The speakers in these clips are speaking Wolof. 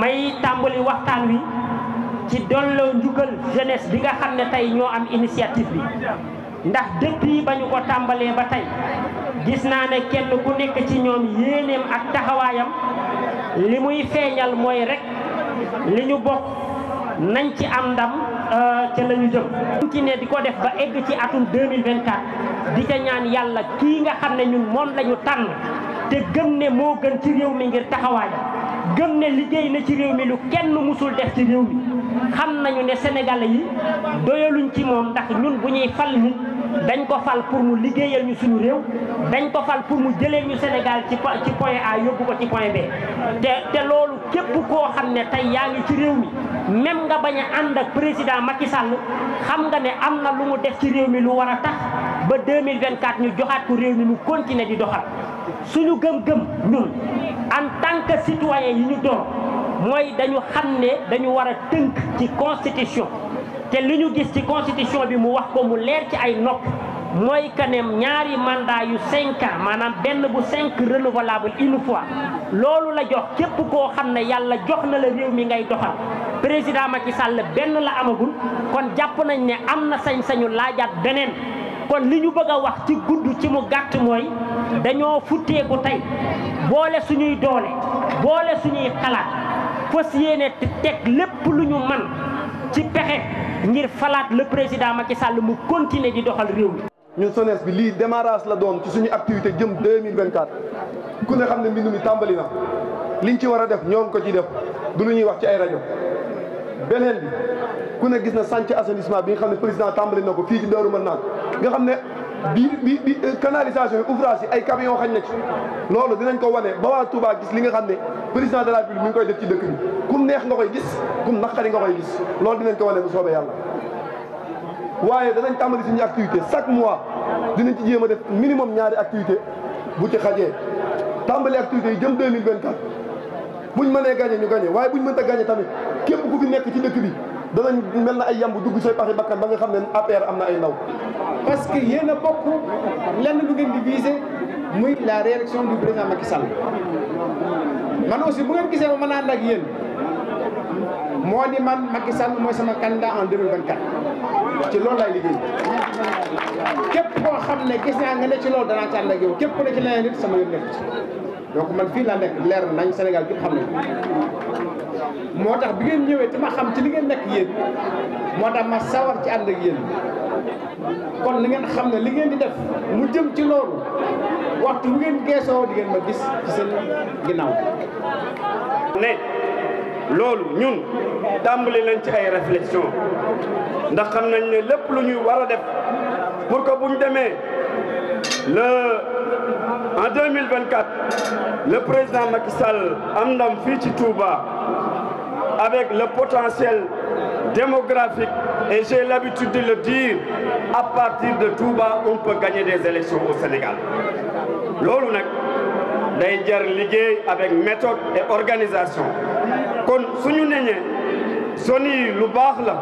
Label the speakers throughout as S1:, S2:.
S1: may tàmbali waxtaan wi ci dolloo njukkal jeunesse bi nga xam ne tey ñoo am initiative bi ndax depuis ba ñu ko tàmbalee ba tey gis naa ne kenn ku nekk ci ñoom yéeneem ak taxawaayam li muy feeñal mooy rek li ñu bokk nañ ci am ndam euh, ca la ñu jëm. ci ne di ko def ba egg ci atum 2024 di ca ñaan yàlla kii nga xam ne ñun moom la tànn. te gën ne moo gën ci réew mi ngir taxawaay gën ne liggéey na ci réew mi lu kenn musul def ci réew mi xam nañu ne sénégalais yi doyaluñ ci moom ndax ñun bu ñuy fal nit dañ ko fal pour mu liggéeyal ñu suñu réew dañ ko fal pour mu jëlee ñu Sénégal ci ci point A yóbbu ko ci point B te te loolu képp koo xam ne tey yaa ngi ci réew mi même nga bañ a ànd ak président Macky Sall xam nga ne am na lu mu def ci réew mi lu war a tax ba 2024 ñu joxaat ko réew mi mu continuer di doxal suñu gëm-gëm ñun en tant que citoyen yi ñu doon mooy dañu xam ne dañu war a tënk ci constitution te li ñu gis ci constitution bi mu wax ko mu leer ci ay nopp mooy que ñaari mandat yu cinq maanaam benn bu cinq renouvelable une fois loolu la jox képp koo xam ne yàlla jox na la réew mi ngay doxal président Macky Sall benn la amagul kon jàpp nañ ne am na sañ-sañu laajaat beneen kon li ñu bëgg a wax ci gudd ci mu gàtt mooy dañoo futteeku tey boole suñuy doole boole suñuy xalaat fas yéene teg lépp lu ñu man ci pexe ngir falaat le président Macky Sall mu
S2: continuer di doxal réew mi. ñun SONES bi lii démarrage la doom ci suñu activité jëm 2024 ku ne xam ne mbind mi tàmbali na liñ ci war a def ñoom ko ci def du lu ñuy wax ci ay rajo beneen bi ku ne gis na sànc assainissement bi nga xam ne président tàmbali na ko fii ci Daaru Marnaan nga xam ne bi bi bi euh, canalisation yi ouvrage yi ay camion xañ na ci loolu dinañ ko wane ba waa Touba gis li nga xam ne président de la République mu ngi koy def ci dëkk bi kum neex nga koy gis kum naqari nga koy gis loolu dinañ ko wane bu soobee yàlla. waaye danañ tàmbali suñu activité chaque mois dinañ ci jéem a def minimum ñaari activité bu ci xajee tàmbali activités yi jëm 2024 buñ mënee gagné ñu gagné waaye buñ mënta gagné tamit képp ku fi nekk ci dëkk bi. danañ mel na ay yamb dugg say paxi bakkan ba nga xam ne APR am na ay ndaw. parce que yéen a bokk lenn lu ngeen di viser muy la réélection du président Macky Sall man aussi bu ngeen gisee ma mën a ànd ak yéen moo di man Macky Sall mooy sama candidat en 2024
S3: ci loolu laay liggéey
S2: képp koo xam ne gis naa nga ne ci loolu danaa ci ànd képp ku ne ci leneen nit sama yoon nekk ci donc man fii laa nekk leer nañ Sénégal bi xam ne moo tax bi ngeen ñëwee te ma xam ci li ngeen nekk yéen moo tax ma sawar ci ànd ak yéen kon li ngeen xam ne li ngeen di def mu jëm ci loolu waxtu bu ngeen geesoo di ngeen ma gis ci seen
S3: ginnaaw. ne loolu ñun tàmbali leen ci ay réflexion ndax xam nañ ne lépp lu ñuy war a def pour que bu ñu demee le. en 2024 le président Macky Sall am ndam fii ci Touba avec le potentiel démographique, et j'ai l'habitude de le dire, à partir de Touba, on peut gagner des élections au Sénégal. loolu nak, day jar avec méthode et organisation kon suñu neñee zone lu bax la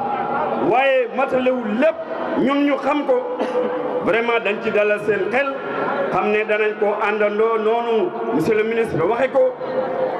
S3: waaye matalewul lepp ñun ñu xam ko vraiment dañ ci dalal seen xel xamné ne ko non, noonu monsieur le ministre waxé ko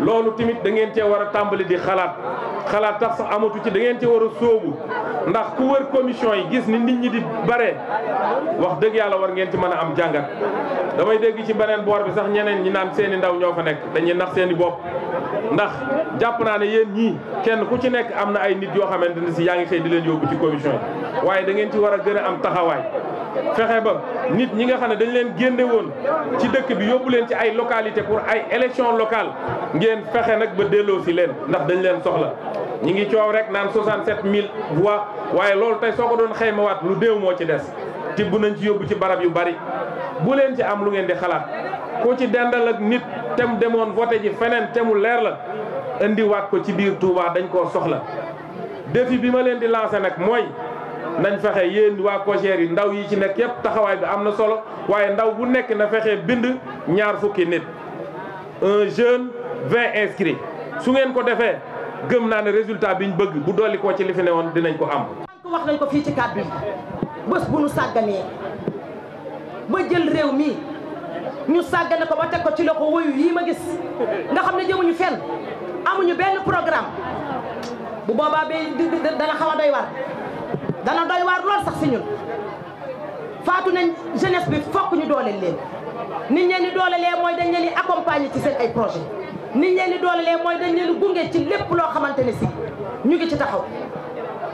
S2: loolu tamit da ngeen cee war a tàmbali di xalaat xalaat tax sax amatu ci dangeen cee war a sóobu ndax ku wër commission yi gis ni nit ñi di bare wax dëgg yàlla war ngeen ci mën a am jàngat damay dégg ci beneen boor bi sax ñeneen ñi naan seeni ndaw ñoo fa nekk dañuy nax seeni bopp ndax jàpp naa ne yéen ñii kenn ku ci nekk am na ay nit yoo xamante ne si yaa ngi xëy di leen yóbbu ci commission yi waaye da ci war a gën a am taxawaay fexe ba nit ñi nga xam ne dañ leen génne woon ci dëkk bi yóbbu leen ci ay localité pour ay élection locale ngeen fexe nag ba delloo si leen ndax dañ leen soxla ñi ngi coow rek naan 67000 voix waaye loolu tey soo ko doon xaymawaat lu déew moo ci des tibb nañ ci yóbbu ci barab yu bari bu leen ci am lu ngeen di xalaat ku ci dendal ak nit tem demoon voté ji feneen temu leer la indiwaat ko ci biir Touba dañ koo soxla defi bi ma leen di lancé nag mooy nañ fexe yéen waa COJER yi ndaw yi ci nekk yëpp taxawaay bi am na solo waaye ndaw bu nekk na fexe bind ñaar fukki nit un jeune vingt inscrits su ngeen ko defee gëm naa ne résultat bi ñu bëgg bu dolli koo ci li fi ne woon dinañ ko am.
S1: wax nañ ko fii ci kàddu yi bés bu nu ba jël réew mi. ñu sàggane ko ba teg ko ci loxo wuyu yii ma gis nga xam ne jëmuñu fenn amuñu benn programme bu boobaa ba dana xaw a doy waar dana doy waar lool sax si ñun faatu nañ jeunesse bi fokk ñu dooleel leen nit ñeen di doolelee mooy dañ leen di accompagner ci seen ay projet nit ñeen di doolelee mooy dañ leen gunge ci lépp loo xamante ne si ñu ngi ci taxaw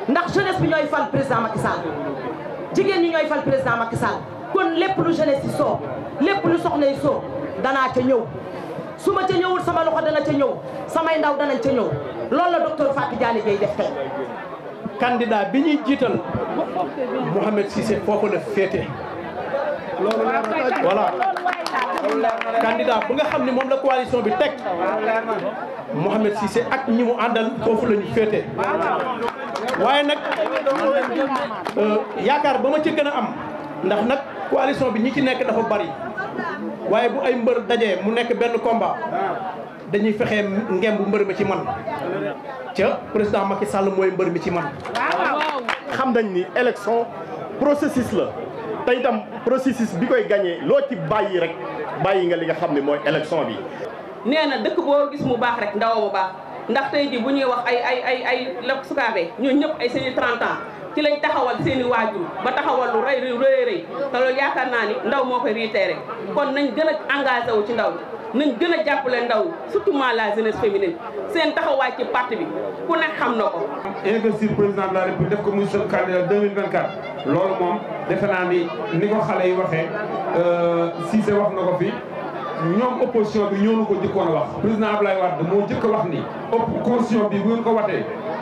S1: ndax jeunesse bi ñooy fal président Macky Sall jigéen ñi ñooy fal président Macky Sall kon lépp lu jeunesse soo lépp lu soxna soo danaa ca ñëw su ma ca ñëwul sama loxo dana ca ñëw samay ndaw danañ ca ñëw loolu la docteur Fatou Diané Gueye def
S3: tey.
S2: bi ñuy jiital Mouhamed Cissé foofu la féete. loolu voilà candidat bu nga xam ne moom la coalition bi teg Mouhamed Cissé ak ñi mu àndal foofu la ñu féete. waaye nag euh, yaakaar ba ma ci gën a am ndax nag. coalition bi ñi ci nekk dafa bari waaye bu ay mbër dajee mu nekk benn combat dañuy fexe ngemb mbër mi ci man ca président Macky Sall mooy mbër mi ci man xam nañ ni élection
S3: processus la te itam processus bi koy gagné loo ci bàyyi rek bàyyi nga li nga xam ne mooy élection bi nee na dëkk boo gis mu baax rek ndaw bu baax ndax
S1: bu ñuy wax ay ay ay ñoo ay 30 ans ci lañ taxawal seen i ba taxawal lu rëy rëy rëy yaakaar naa ni ndaw moo koy réitéré kon nañ gën a engagé wu ci ndaw nañ gën a jàppale ndaw surtout la jeunesse féminine seen taxawaay
S2: ci parti bi ku
S1: nekk xam na ko.
S2: investir président de la république def ko muy seen candidat 2024 loolu moom defe naa ni ni ko xale yi waxee euh, Cissé wax na ko fi. ñoom opposition bi ñoo nu ko jëkkoon a wax président Ablaye Wade moo jëkk a wax ni op constitution bi bu ko watee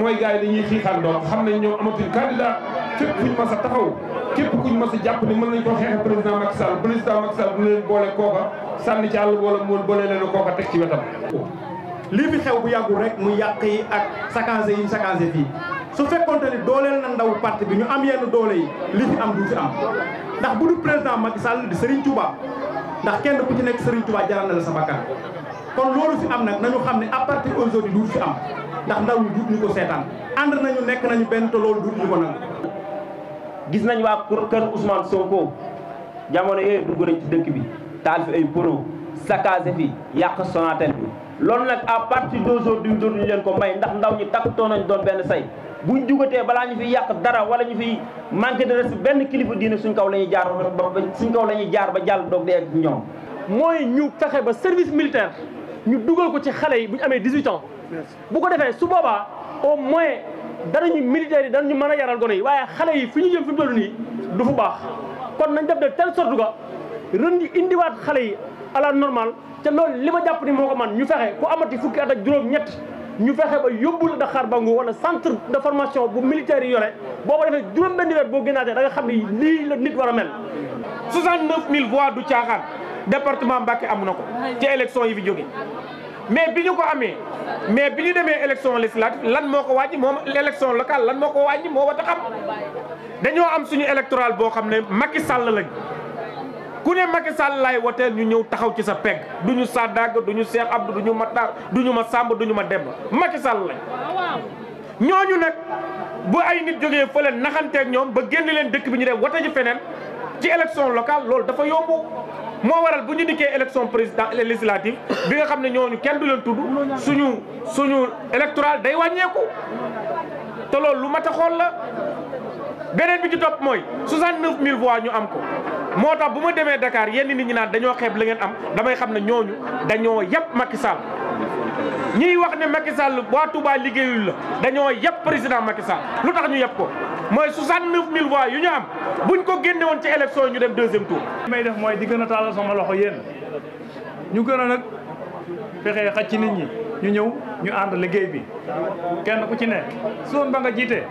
S2: mooy gars yi dañuy xiixaan doon xam nañ ñoom amatuñ candidat fépp fuñ mas a taxaw képp kuñ mas a jàpp ni mën nañ ko xeex président Macky Sall président Macky Sall bu leen boole kooka sànni ci àll boole mool boole leen kooka teg ci wetam. lii fi xew bu yàggul rek mu yàq yi ak saccagé yi saccagé fii su fekkoonte ni dooleel na ndaw parti bi ñu am yenn doole yi li fi am du fi am ndax bu du président Macky Sall di Serigne Touba ndax kenn ku ci nekk Serigne Touba jaral na la sa kon loolu fi am nag nañu xam ne à partir aujourd'hui du fi am. ndax ndaw ñu duut ñu ko seetaan ànd nañu nekk nañu benn te loolu duut ñu ko nag gis nañ waa kër Ousmane Sonko jamono yooyu dugg nañ dëkk bi taal ay pono saccagé fi yàq Sonatel bi loolu nag a parti à partir d'aujourd'hui ñu leen ko may ndax ndaw ñi takkatoo nañ doon benn say bu buñ jugatee balaa ñu fi yàq dara wala ñu fi manqué de respect benn kilifa diine suñ kaw la ñuy jaar ba suñ kaw la ñuy jaar ba jàll doog di egg ñoom mooy ñu fexe ba service militaire ñu dugal ko ci xale yi bu amee 18 bu ko defee su boobaa au moins danañu militaires yi ñu mën a yaral gone yi waaye xale yi fu ñu jëm fi mu toll nii du fu baax kon nañ def de telle sorte que ren di indiwaat xale yi à normal normale te loolu li ma jàpp ni moo ko man ñu fexe ku amati fukki at ak juróom ñett ñu fexe ba yóbbul Dakar Bango wala centre de formation bu militaire yi yore booba defee juróom benn weer boo génnaatee da xam ni lii la nit war a mel 69000 voix du caaxaan département Mbacké am na ko ci élection yi fi jóge mais bi ñu ko amee mais bi ñu demee élection législative lan moo ko wàññi moom élection locale lan moo ko wàññi moo war a xam dañoo am suñu électoral boo xam ne Macky Sall lañ ku ne Macky Sall laay woteel ñu ñëw taxaw ci sa pegg du ñu Sadag du ñu Cheikh Abdou du ñu Matar du ñu ma sàmb duñu ñu ma Demba Macky Sall lañ. ñooñu nag bu ay nit jógee fële naxanteeg ñoom ba génn leen dëkk bi ñu dem wote ji feneen ci élection locale loolu dafa yomb. moo waral bu ñu dikkee élection président législative bi nga xam ne ñooñu kenn du leen tudd suñu suñu électoral day wàññeeku te loolu lu mat a xool la beneen bi ci topp mooy 69000 voix ñu am ko moo tax bu ma demee dakaar yenn nit ñi naan dañoo xeeb la ngeen am damay xam ne ñooñu dañoo yàpp Macky saal ñiy wax ne Macky Sall waa Touba liggéeyul la dañoo yëpp président Macky Sall lu tax ñu yëpp ko mooy 69000 voix yu ñu am buñ ko génne woon ci élection yi ñu dem deuxième tour. may def mooy di gën a taalal sama loxo yéen ñu gën a nag fexe xaj ci nit ñi ñu ñëw ñu ànd liggéey bi kenn ku ci ne zone ba nga jiite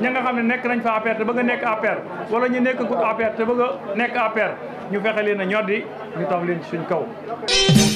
S2: ña nga xam ne nekk nañ fa APR te bëgg a nekk APR wala ñu nekk ko APR te bëgg a nekk APR ñu fexe leen a ñoddi ñu taw leen ci suñ kaw.